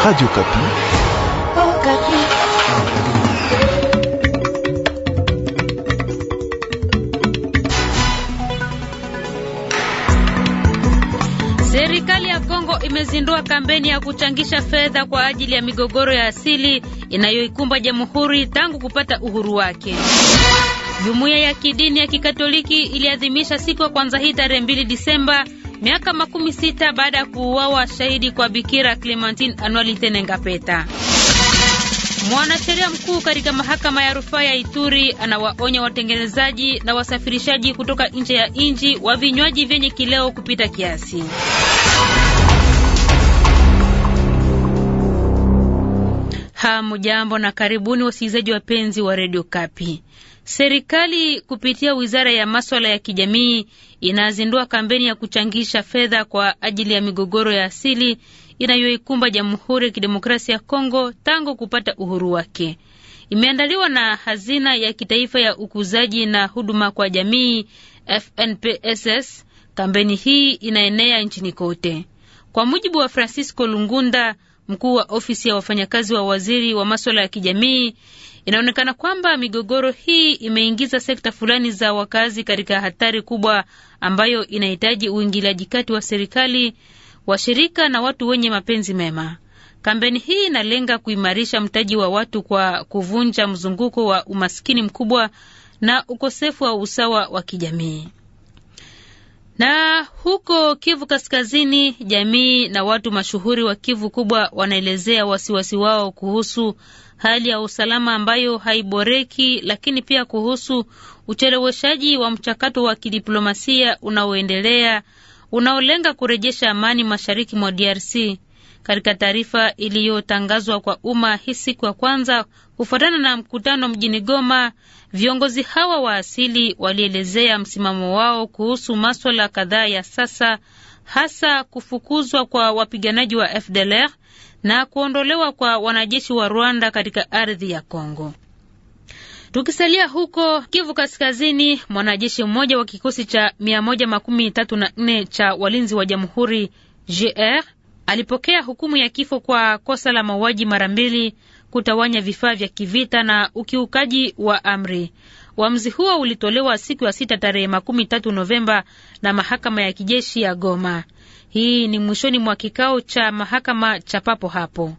Radio Kapi. Oh, Kapi. Serikali ya Kongo imezindua kampeni ya kuchangisha fedha kwa ajili ya migogoro ya asili inayoikumba jamhuri tangu kupata uhuru wake. Jumuiya ya kidini ya Kikatoliki iliadhimisha siku ya kwanza hii tarehe 2 Disemba miaka makumi sita baada ya kuuawa shahidi kwa Bikira Clementine Anualite Nengapeta. Mwanasheria mkuu katika mahakama ya rufaa ya Ituri anawaonya watengenezaji na wasafirishaji kutoka nje ya nchi wa vinywaji vyenye kileo kupita kiasi. Hamujambo na karibuni wasikilizaji wapenzi wa redio Kapi. Serikali kupitia wizara ya maswala ya kijamii inazindua kampeni ya kuchangisha fedha kwa ajili ya migogoro ya asili inayoikumba Jamhuri ya Kidemokrasia ya Kongo tangu kupata uhuru wake. Imeandaliwa na Hazina ya Kitaifa ya Ukuzaji na Huduma kwa Jamii FNPSS. Kampeni hii inaenea nchini kote. Kwa mujibu wa Francisco Lungunda, mkuu wa ofisi ya wafanyakazi wa waziri wa maswala ya kijamii, Inaonekana kwamba migogoro hii imeingiza sekta fulani za wakazi katika hatari kubwa ambayo inahitaji uingiliaji kati wa serikali, washirika na watu wenye mapenzi mema. Kampeni hii inalenga kuimarisha mtaji wa watu kwa kuvunja mzunguko wa umaskini mkubwa na ukosefu wa usawa wa kijamii. Na huko Kivu Kaskazini, jamii na watu mashuhuri wa Kivu kubwa wanaelezea wasiwasi wao kuhusu hali ya usalama ambayo haiboreki, lakini pia kuhusu ucheleweshaji wa mchakato wa kidiplomasia unaoendelea unaolenga kurejesha amani mashariki mwa DRC. Katika taarifa iliyotangazwa kwa umma hii siku ya kwanza kufuatana na mkutano mjini Goma, viongozi hawa wa asili walielezea msimamo wao kuhusu maswala kadhaa ya sasa, hasa kufukuzwa kwa wapiganaji wa FDLR na kuondolewa kwa wanajeshi wa Rwanda katika ardhi ya Kongo. Tukisalia huko Kivu Kaskazini, mwanajeshi mmoja wa kikosi cha nne cha walinzi wa jamhuri GR alipokea hukumu ya kifo kwa kosa la mauaji mara mbili, kutawanya vifaa vya kivita na ukiukaji wa amri. Uamuzi huo ulitolewa siku ya sita tarehe makumi tatu Novemba na mahakama ya kijeshi ya Goma. Hii ni mwishoni mwa kikao cha mahakama cha papo hapo.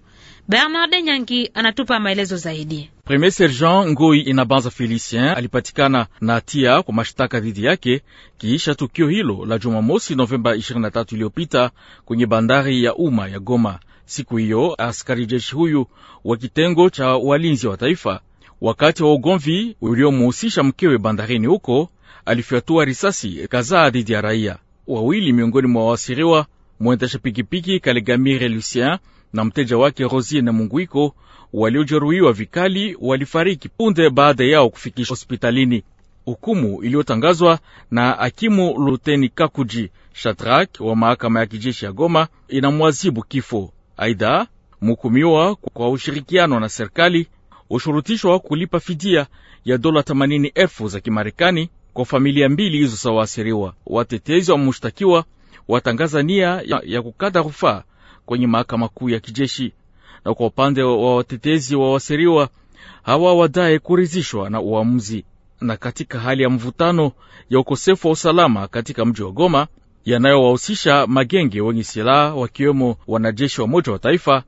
Bernard Nyangi anatupa maelezo zaidi. Premier Sergent Ngoi Inabanza Felicien alipatikana na hatia kwa mashtaka dhidi yake kiisha tukio hilo la Jumamosi Novemba 23 iliyopita kwenye bandari ya umma ya Goma. Siku hiyo askari jeshi huyu wa kitengo cha walinzi wa taifa, wakati wa ugomvi uliomuhusisha mkewe bandarini huko, alifyatua risasi kadhaa dhidi ya raia. Wawili miongoni mwa waasiriwa, mwendesha pikipiki Kalegamire Lucien na mteja wake Rosie na Munguiko, waliojeruhiwa vikali, walifariki punde baada yao kufikisha hospitalini. Hukumu iliyotangazwa na hakimu Luteni Kakuji Shatrak wa mahakama ya kijeshi ya Goma inamwazibu kifo. Aidha, mhukumiwa kwa ushirikiano na serikali ushurutishwa kulipa fidia ya dola 80 elfu za Kimarekani kwa familia mbili hizo za waasiriwa. Watetezi wa mshtakiwa watangaza nia ya, ya kukata rufaa kwenye mahakama kuu ya kijeshi, na kwa upande wa watetezi wa waasiriwa hawa wadae kurizishwa na uamuzi. Na katika hali ya mvutano ya ukosefu wa usalama katika mji wa Goma yanayowahusisha magenge wenye silaha wakiwemo wanajeshi wa moja wa Taifa,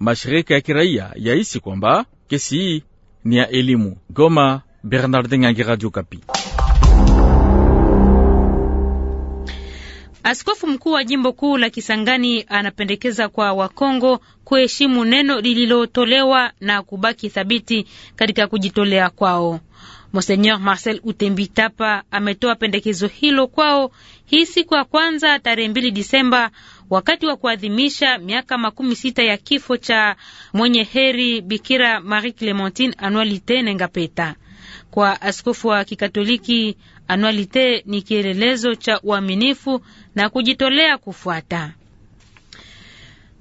mashirika ya kiraia yahisi kwamba kesi hii ni ya elimu. Goma, Bernardin Angi, Radio Kapi. Askofu mkuu wa jimbo kuu la Kisangani anapendekeza kwa Wakongo kuheshimu neno lililotolewa na kubaki thabiti katika kujitolea kwao. Monseigneur Marcel Utembitapa ametoa pendekezo hilo kwao hii siku ya kwanza tarehe mbili Disemba wakati wa kuadhimisha miaka makumi sita ya kifo cha mwenye heri Bikira Marie Clementine Anualite Nengapeta. Kwa askofu wa Kikatoliki Anualite ni kielelezo cha uaminifu na kujitolea kufuata.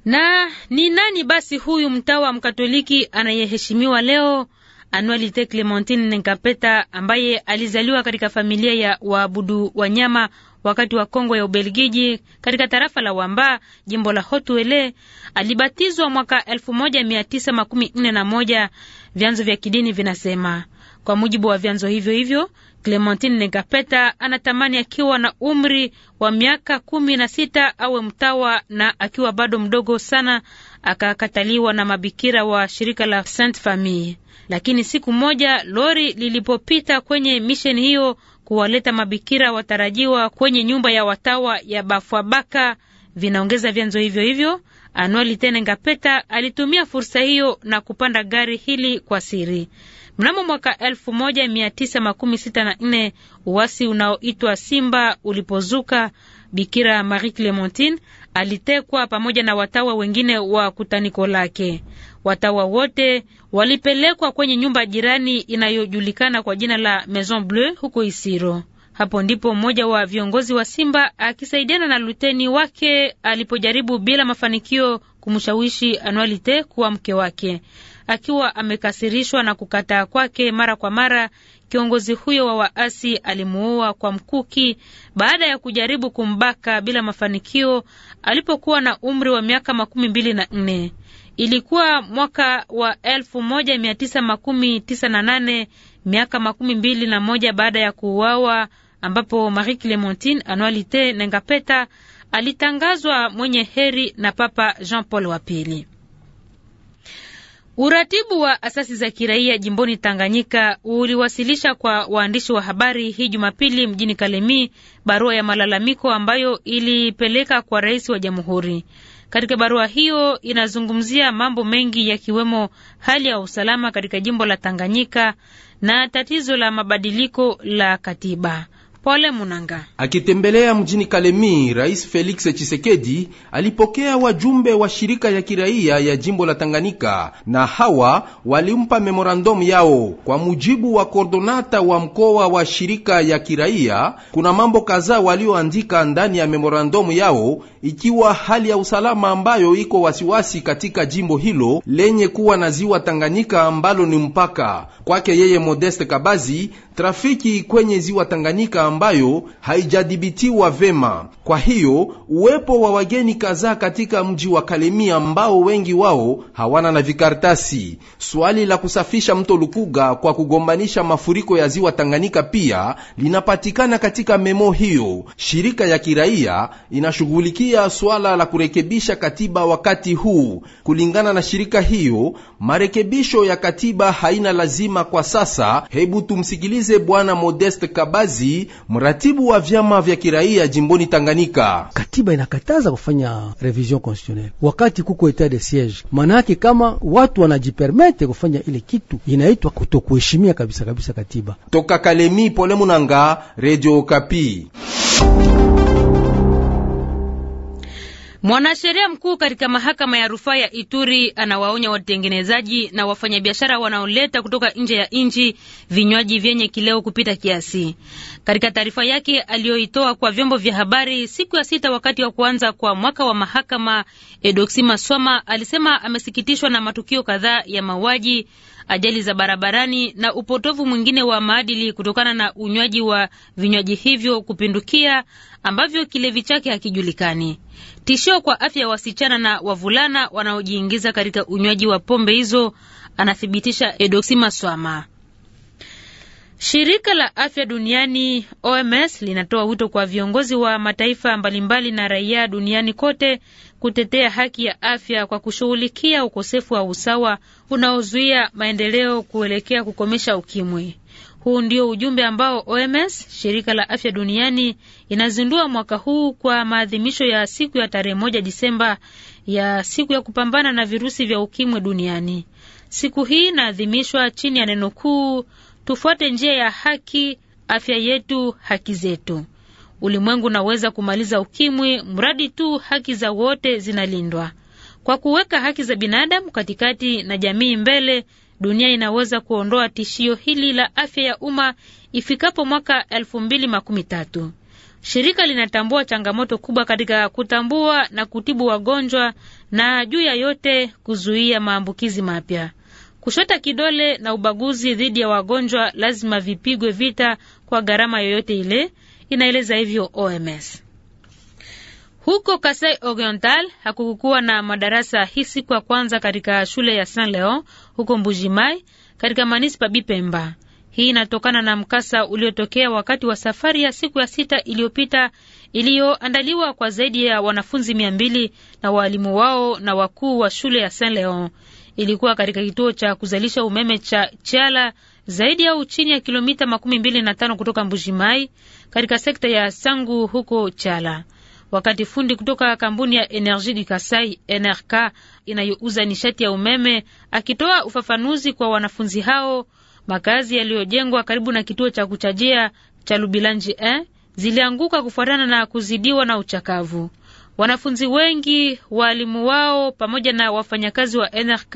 Na ni nani basi huyu mtawa mkatoliki anayeheshimiwa leo? Anualite Clementine Nkapeta ambaye alizaliwa katika familia ya waabudu wanyama wakati wa Kongo ya Ubelgiji katika tarafa la Wamba, jimbo la Hotuele, alibatizwa mwaka 1941 vyanzo vya kidini vinasema. Kwa mujibu wa vyanzo hivyo hivyo, Clementine Negapeta anatamani akiwa na umri wa miaka kumi na sita awe mtawa, na akiwa bado mdogo sana akakataliwa na mabikira wa shirika la st Famille. Lakini siku moja lori lilipopita kwenye misheni hiyo kuwaleta mabikira watarajiwa kwenye nyumba ya watawa ya Bafwabaka, vinaongeza vyanzo hivyo hivyo, Anuali Tene Ngapeta alitumia fursa hiyo na kupanda gari hili kwa siri. Mnamo mwaka 1964 uasi unaoitwa Simba ulipozuka, Bikira Marie Clementine alitekwa pamoja na watawa wengine wa kutaniko lake. Watawa wote walipelekwa kwenye nyumba jirani inayojulikana kwa jina la Maison bleu huko Isiro. Hapo ndipo mmoja wa viongozi wa Simba akisaidiana na luteni wake alipojaribu bila mafanikio kumshawishi Anualite kuwa mke wake akiwa amekasirishwa na kukataa kwake mara kwa mara, kiongozi huyo wa waasi alimuua kwa mkuki baada ya kujaribu kumbaka bila mafanikio alipokuwa na umri wa miaka makumi mbili na nne. Ilikuwa mwaka wa elfu moja mia tisa makumi tisa na nane, miaka makumi mbili na moja baada ya kuuawa, ambapo Marie Clementine Anualite Nengapeta alitangazwa mwenye heri na Papa Jean Paul wa pili. Uratibu wa asasi za kiraia jimboni Tanganyika uliwasilisha kwa waandishi wa habari hii Jumapili mjini Kalemi barua ya malalamiko ambayo ilipeleka kwa rais wa jamhuri. Katika barua hiyo inazungumzia mambo mengi yakiwemo hali ya usalama katika jimbo la Tanganyika na tatizo la mabadiliko la katiba. Pole Munanga. Akitembelea mjini Kalemi, Rais Felix chisekedi alipokea wajumbe wa shirika ya kiraia ya jimbo la Tanganyika, na hawa walimpa memorandomu yao. Kwa mujibu wa kordonata wa mkoa wa shirika ya kiraia, kuna mambo kadhaa walioandika ndani ya memorandomu yao, ikiwa hali ya usalama ambayo iko wasiwasi katika jimbo hilo lenye kuwa na ziwa Tanganyika ambalo ni mpaka kwake. Yeye Modeste Kabazi trafiki kwenye ziwa Tanganyika ambayo haijadhibitiwa vema. Kwa hiyo uwepo wa wageni kadhaa katika mji wa Kalemie ambao wengi wao hawana na vikaratasi. Swali la kusafisha mto Lukuga kwa kugombanisha mafuriko ya ziwa Tanganyika pia linapatikana katika memo hiyo. Shirika ya kiraia inashughulikia swala la kurekebisha katiba wakati huu. Kulingana na shirika hiyo, marekebisho ya katiba haina lazima kwa sasa. Hebu tumsikilize tumsikilize Bwana Modeste Kabazi, mratibu wa vyama vya kiraia jimboni Tanganyika. Katiba inakataza kufanya revision constitutionnelle wakati kuko etat de siege, manake kama watu wanajipermete kufanya ile kitu inaitwa kutokuheshimia kabisa kabisa katiba. Toka Kalemi, Pole Munanga, Radio Okapi. Mwanasheria mkuu katika mahakama ya rufaa ya Ituri anawaonya watengenezaji na wafanyabiashara wanaoleta kutoka nje ya nchi vinywaji vyenye kileo kupita kiasi. Katika taarifa yake aliyoitoa kwa vyombo vya habari siku ya sita wakati wa kuanza kwa mwaka wa mahakama, Edoxi Maswama alisema amesikitishwa na matukio kadhaa ya mauaji ajali za barabarani na upotovu mwingine wa maadili kutokana na unywaji wa vinywaji hivyo kupindukia ambavyo kilevi chake hakijulikani. Tishio kwa afya ya wasichana na wavulana wanaojiingiza katika unywaji wa pombe hizo, anathibitisha Edoxima Swama. Shirika la Afya Duniani OMS linatoa wito kwa viongozi wa mataifa mbalimbali na raia duniani kote kutetea haki ya afya kwa kushughulikia ukosefu wa usawa unaozuia maendeleo kuelekea kukomesha ukimwi. Huu ndio ujumbe ambao OMS, shirika la afya duniani, inazindua mwaka huu kwa maadhimisho ya siku ya tarehe moja Disemba ya siku ya kupambana na virusi vya ukimwi duniani. Siku hii inaadhimishwa chini ya neno kuu, tufuate njia ya haki, afya yetu, haki zetu. Ulimwengu unaweza kumaliza ukimwi mradi tu haki za wote zinalindwa. Kwa kuweka haki za binadamu katikati na jamii mbele, dunia inaweza kuondoa tishio hili la afya ya umma ifikapo mwaka tatu. Shirika linatambua changamoto kubwa katika kutambua na kutibu wagonjwa na juu ya yote kuzuia maambukizi mapya. Kushota kidole na ubaguzi dhidi ya wagonjwa lazima vipigwe vita kwa gharama yoyote ile, inaeleza hivyo OMS. Huko Kasai Oriental hakukuwa na madarasa hii siku ya kwanza katika shule ya Saint Leon huko Mbujimai katika manispa Bipemba. Hii inatokana na mkasa uliotokea wakati wa safari ya siku ya sita iliyopita iliyoandaliwa kwa zaidi ya wanafunzi mia mbili na waalimu wao na wakuu wa shule ya Saint Leon. Ilikuwa katika kituo cha kuzalisha umeme cha Chiala zaidi au chini ya kilomita makumi mbili na tano kutoka Mbujimai katika sekta ya Sangu huko Chala. Wakati fundi kutoka kampuni ya Energie du Kasai NRK inayouza nishati ya umeme akitoa ufafanuzi kwa wanafunzi hao, makazi yaliyojengwa karibu na kituo cha kuchajia cha Lubilanji eh, zilianguka kufuatana na kuzidiwa na uchakavu. Wanafunzi wengi, waalimu wao, pamoja na wafanyakazi wa NRK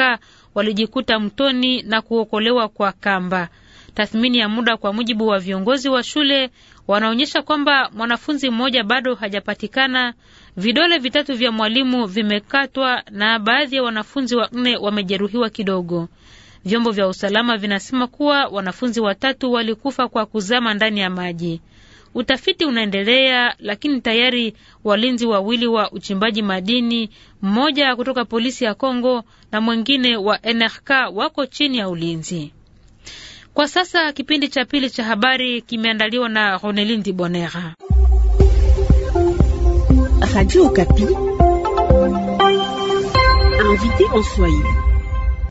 walijikuta mtoni na kuokolewa kwa kamba. Tathmini ya muda kwa mujibu wa viongozi wa shule wanaonyesha kwamba mwanafunzi mmoja bado hajapatikana, vidole vitatu vya mwalimu vimekatwa na baadhi ya wanafunzi wa nne wamejeruhiwa kidogo. Vyombo vya usalama vinasema kuwa wanafunzi watatu walikufa kwa kuzama ndani ya maji. Utafiti unaendelea, lakini tayari walinzi wawili wa uchimbaji madini, mmoja kutoka polisi ya Kongo na mwingine wa NRK wako chini ya ulinzi. Kwa sasa kipindi cha pili cha habari kimeandaliwa na Ronelin Dibonera.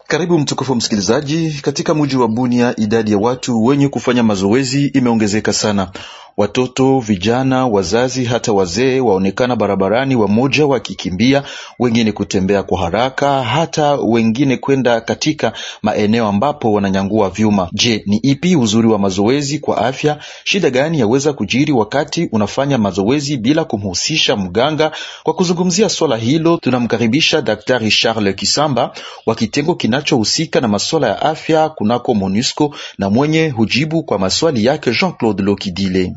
Karibu mtukufu msikilizaji. Katika mji wa Bunia, idadi ya watu wenye kufanya mazoezi imeongezeka sana. Watoto, vijana, wazazi hata wazee waonekana barabarani, wamoja wakikimbia, wengine kutembea kwa haraka, hata wengine kwenda katika maeneo ambapo wananyangua vyuma. Je, ni ipi uzuri wa mazoezi kwa afya? Shida gani yaweza kujiri wakati unafanya mazoezi bila kumhusisha mganga? Kwa kuzungumzia swala hilo, tunamkaribisha Daktari Charles Kisamba wa kitengo kinachohusika na masuala ya afya kunako MONUSCO na mwenye hujibu kwa maswali yake Jean-Claude Lokidile.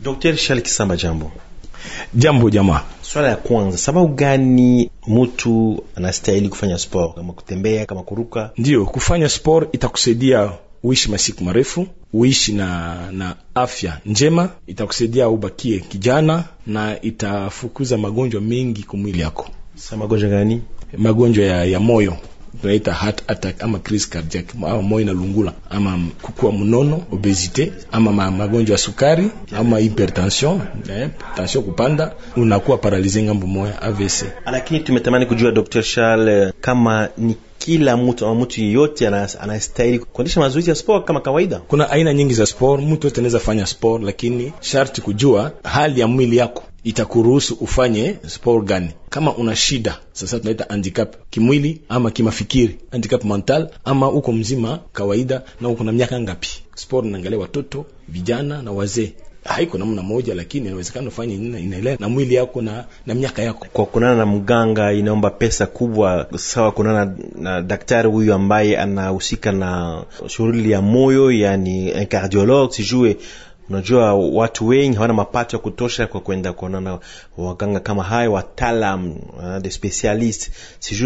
Dr. Shali Kisamba, jambo. Jambo jamaa. Swala ya kwanza, sababu gani mtu anastahili kufanya sport kama kutembea, kama kuruka? Ndio, kufanya sport itakusaidia uishi masiku marefu, uishi na, na afya njema, itakusaidia ubakie kijana na itafukuza magonjwa mengi kwa mwili yako. Sa magonjwa gani? Magonjwa ya, ya moyo tunaita heart attack ama crise cardiaque ama moyo inalungula ama kukua mnono obesite ama magonjwa ya sukari ama hypertension eh, tension kupanda, unakuwa paralize ngambo moya AVC. Lakini tumetamani kujua Dr. Charles eh, kama ni kila mtu ama mtu yeyote anastahili kuendesha mazoezi ya sport kama kawaida. Kuna aina nyingi za sport, mtu yote anaweza fanya sport, lakini sharti kujua hali ya mwili yako itakuruhusu ufanye sport gani. Kama una shida sasa, tunaita handicap kimwili ama kimafikiri, handicap mental, ama uko mzima kawaida na uko na miaka ngapi, sport naangalia watoto, vijana na wazee haiko namna moja, lakini inawezekana ufanye inaelewa na mwili yako na, na miaka yako. Kwa kunana na mganga inaomba pesa kubwa sawa, kunana na daktari huyu ambaye anahusika na shughuli ya moyo, yani cardiologue, sijue unajua watu wengi hawana mapato ya kutosha kwa kwenda kuonana waganga kama hayo wataalam uh, eh, de specialist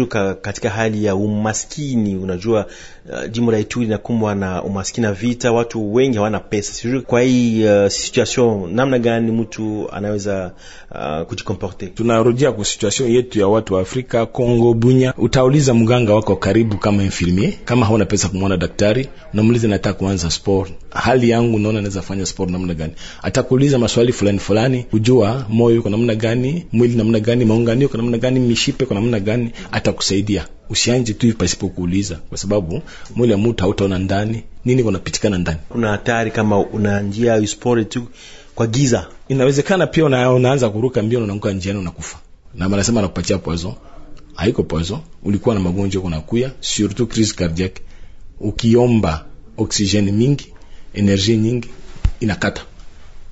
ka, katika hali ya umaskini unajua uh, jimbo la ituri linakumbwa na umaskini na vita watu wengi hawana pesa Sijui kwa hii uh, situation namna gani mtu anaweza uh, kujikomporte tunarudia kwa situation yetu ya watu wa afrika Kongo, bunya utauliza mganga wako karibu kama infirmier kama hauna pesa kumwona daktari unamuliza nataka kuanza sport hali yangu naona naweza fanya sport namna gani, atakuuliza maswali fulani fulani, kujua moyo kwa namna gani, mwili namna gani, maunganio kwa namna gani, mishipe kwa namna gani, atakusaidia. Usianje tu pasipo kuuliza, kwa sababu mwili wa mtu hautaona ndani nini kunapitikana ndani. Kuna hatari kama una njia ya sport tu kwa giza, inawezekana pia una, unaanza kuruka mbio na unaanguka njiani unakufa, na anasema anakupatia poison haiko poison, ulikuwa na magonjwa kunakuya, surtout crise cardiaque. Ukiomba oksijeni mingi, energie nyingi, inakata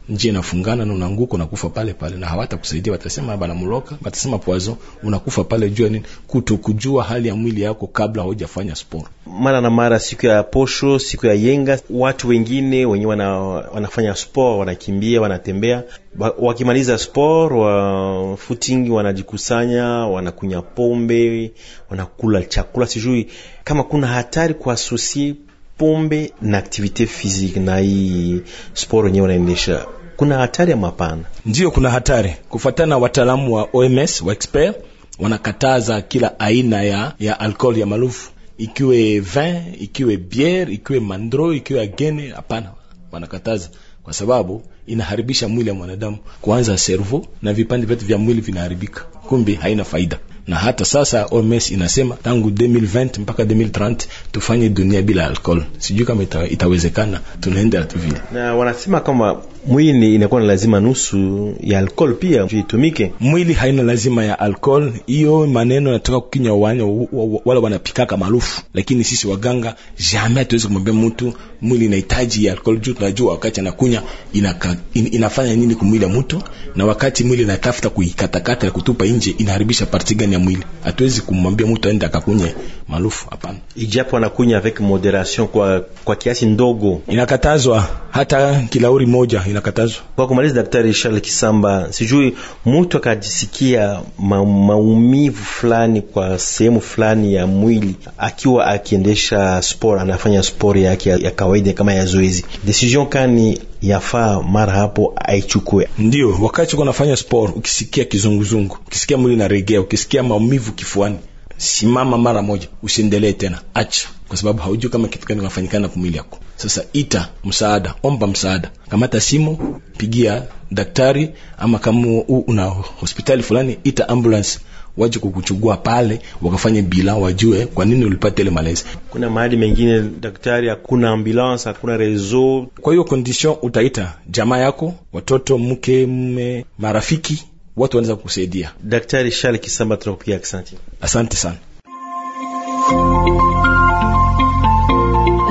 njia inafungana na unaanguka unakufa pale pale, na hawatakusaidia watasema, bana mloka, watasema poison, unakufa pale. Jua nini? Kutokujua hali ya mwili yako kabla haujafanya sport. Mara na mara, siku ya posho, siku ya yenga, watu wengine wenye wana, wanafanya sport, wanakimbia, wanatembea, wakimaliza sport wa footing, wanajikusanya, wanakunya pombe, wanakula chakula, sijui kama kuna hatari kwa kuasusie pombe na activite physique na hii sport yenyewe wanaendesha kuna hatari ama hapana? Ndio, kuna hatari. Kufuatana na wataalamu wa OMS wa expert, wanakataza kila aina ya, ya alcohol ya marufu, ikiwe vin, ikiwe biere, ikiwe mandro, ikiwe agene. Hapana, wanakataza kwa sababu inaharibisha mwili ya mwanadamu, kuanza servo na vipande vyote vya mwili vinaharibika, kumbe haina faida na hata sasa OMS inasema tangu 2020 mpaka 2030 tufanye dunia bila alkohol. Sijui kama ita, itawezekana, tunaenda vile na wanasema kama mwili inakuwa na lazima nusu ya alcohol pia itumike. Mwili haina lazima ya alcohol. Hiyo maneno yanatoka kukinywa wanya wale wanapikaka maarufu, lakini sisi waganga jamaa tuweze kumwambia mtu mwili inahitaji ya alcohol juu tunajua wakati anakunya inaka, in, inafanya nini kumwili ya mtu, na wakati mwili inatafuta kuikatakata na kutupa nje inaharibisha parti gani ya mwili. Hatuwezi kumwambia mtu aende akakunye maarufu, hapana, ijapo anakunya avec moderation, kwa kwa kiasi ndogo inakatazwa, hata kilauri moja ina inakatazwa. Kwa kumaliza, Daktari Charles Kisamba, sijui mtu akajisikia ma, maumivu fulani kwa sehemu fulani ya mwili akiwa akiendesha sport, anafanya sport yake ya, ya kawaida kama ya zoezi, decision kani yafaa mara hapo aichukue? Ndio, wakati uko sport, ukisikia kizunguzungu, ukisikia mwili na regea, ukisikia maumivu kifuani, simama mara moja, usiendelee tena, acha, kwa sababu haujui kama kitu gani kinafanyikana kwa mwili yako. Sasa ita msaada, omba msaada, kamata simu, pigia daktari, ama kama una hospitali fulani, ita ambulance waje kukuchugua pale, wakafanye bila wajue kwa nini ulipata ile malaria. Kuna mahali mengine daktari hakuna ambulance, hakuna rezo. Kwa hiyo condition, utaita jamaa yako, watoto, mke, mme, marafiki watu wanaweza kukusaidia. Daktari Shali Kisamba, tunakupigia asante, asante sana.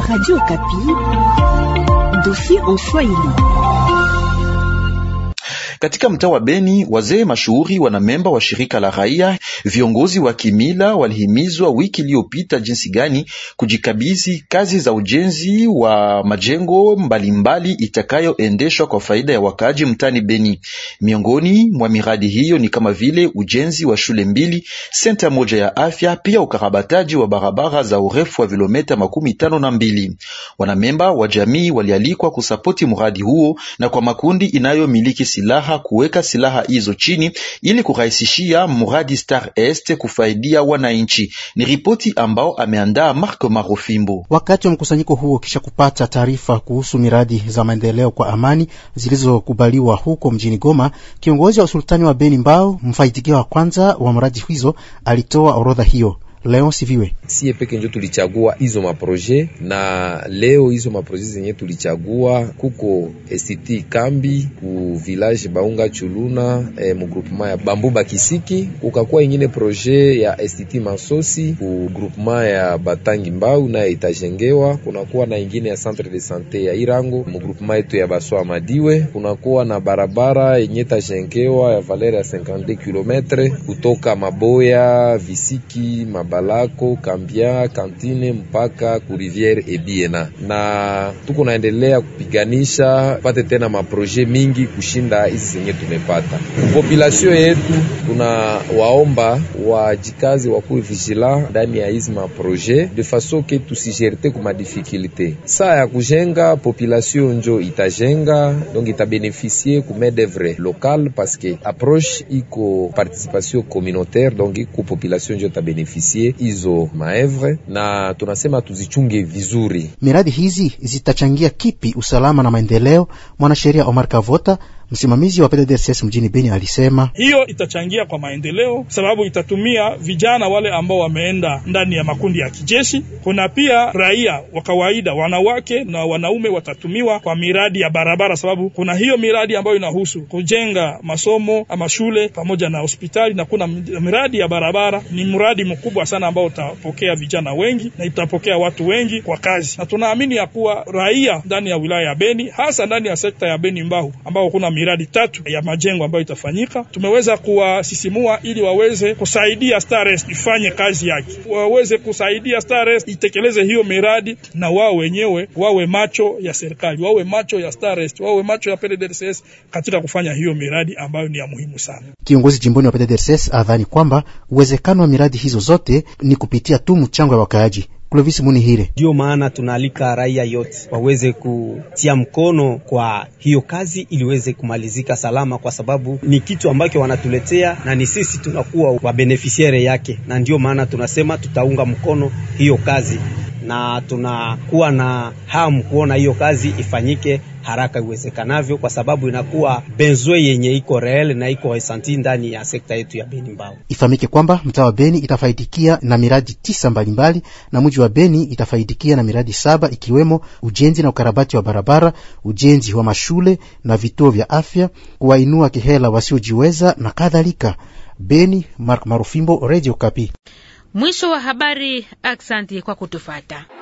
Radio Kapi, dofi en Swahili. Katika mtaa wa Beni, wazee mashuhuri, wanamemba wa shirika la raia, viongozi wa kimila walihimizwa wiki iliyopita jinsi gani kujikabidhi kazi za ujenzi wa majengo mbalimbali itakayoendeshwa kwa faida ya wakaaji mtaani Beni. Miongoni mwa miradi hiyo ni kama vile ujenzi wa shule mbili, senta moja ya afya, pia ukarabataji wa barabara za urefu wa vilometa makumi tano na mbili. Wanamemba wa jamii walialikwa kusapoti mradi huo na kwa makundi inayomiliki silaha silaha kuweka silaha hizo chini ili kurahisishia mradi Star Est kufaidia wananchi. Ni ripoti ambao ameandaa mark Marofimbo wakati wa mkusanyiko huo, kisha kupata taarifa kuhusu miradi za maendeleo kwa amani zilizokubaliwa huko mjini Goma. Kiongozi wa usultani wa Beni Mbao, mfaidikia wa kwanza wa mradi hizo, alitoa orodha hiyo Leon Siviwe. Sie peke njo tulichagua hizo maproje, na leo hizo maproje zenye tulichagua kuko ST kambi ku village Baunga Chuluna e, eh, mugroupema ya Bambuba Kisiki, kukakuwa ingine proje ya ST Masosi ku groupema ya Batangi Mbau naye itajengewa. Kunakuwa na ingine ya centre de sante ya Irango mugroupema yetu ya Baswa Madiwe. Kunakuwa na barabara yenye tajengewa ya valeur ya 52 km kutoka Maboya Visiki Maboya balako Kambia, Kantine mpaka ku riviere Ebiena, na tuko naendelea kupiganisha pate tena maproje mingi kushinda hizi zenye tumepata. Population yetu tuna tunawaomba wajikazi wakuwe vigila ndani ya hizi maproje de faso ke tusijerite kuma difikulite. Saa ya kujenga population njo itajenga donc itabenefisie ku main d'oeuvre local parce que approche iko participation communautaire donc iko population njo itabenefisie kuapresie hizo maevre, na tunasema tuzichunge vizuri. Miradi hizi zitachangia kipi usalama na maendeleo? Mwanasheria Omar Kavota Msimamizi wa PDDRCS mjini Beni alisema hiyo itachangia kwa maendeleo, sababu itatumia vijana wale ambao wameenda ndani ya makundi ya kijeshi. Kuna pia raia wa kawaida, wanawake na wanaume watatumiwa kwa miradi ya barabara, sababu kuna hiyo miradi ambayo inahusu kujenga masomo ama shule pamoja na hospitali, na kuna miradi ya barabara. Ni mradi mkubwa sana ambao utapokea vijana wengi na itapokea watu wengi kwa kazi, na tunaamini ya kuwa raia ndani ya wilaya ya Beni, hasa ndani ya sekta ya Beni Mbahu ambao kuna miradi tatu ya majengo ambayo itafanyika. Tumeweza kuwasisimua ili waweze kusaidia Starest ifanye kazi yake, waweze kusaidia Starest itekeleze hiyo miradi, na wao wenyewe wawe macho ya serikali, wawe macho ya Starest, wawe macho ya PDDRCS katika kufanya hiyo miradi ambayo ni ya muhimu sana. Kiongozi jimboni wa PDDRCS adhani kwamba uwezekano wa miradi hizo zote ni kupitia tu mchango wa wakaaji. Clovis Munihire. Ndio maana tunaalika raia yote waweze kutia mkono kwa hiyo kazi iliweze kumalizika salama, kwa sababu ni kitu ambacho wanatuletea na ni sisi tunakuwa wabenefisiare yake, na ndio maana tunasema tutaunga mkono hiyo kazi na tunakuwa na hamu kuona hiyo kazi ifanyike haraka iwezekanavyo, kwa sababu inakuwa benzwe yenye iko reel na iko esanti ndani ya sekta yetu ya Beni mbao Ifahamike kwamba mtaa wa Beni itafaidikia na miradi tisa mbalimbali mbali, na mji wa Beni itafaidikia na miradi saba ikiwemo ujenzi na ukarabati wa barabara, ujenzi wa mashule na vituo vya afya, kuwainua kihela wasiojiweza na kadhalika. Beni, Mark Marufimbo, Radio Kapi. Mwisho wa habari. Aksanti kwa kutufata.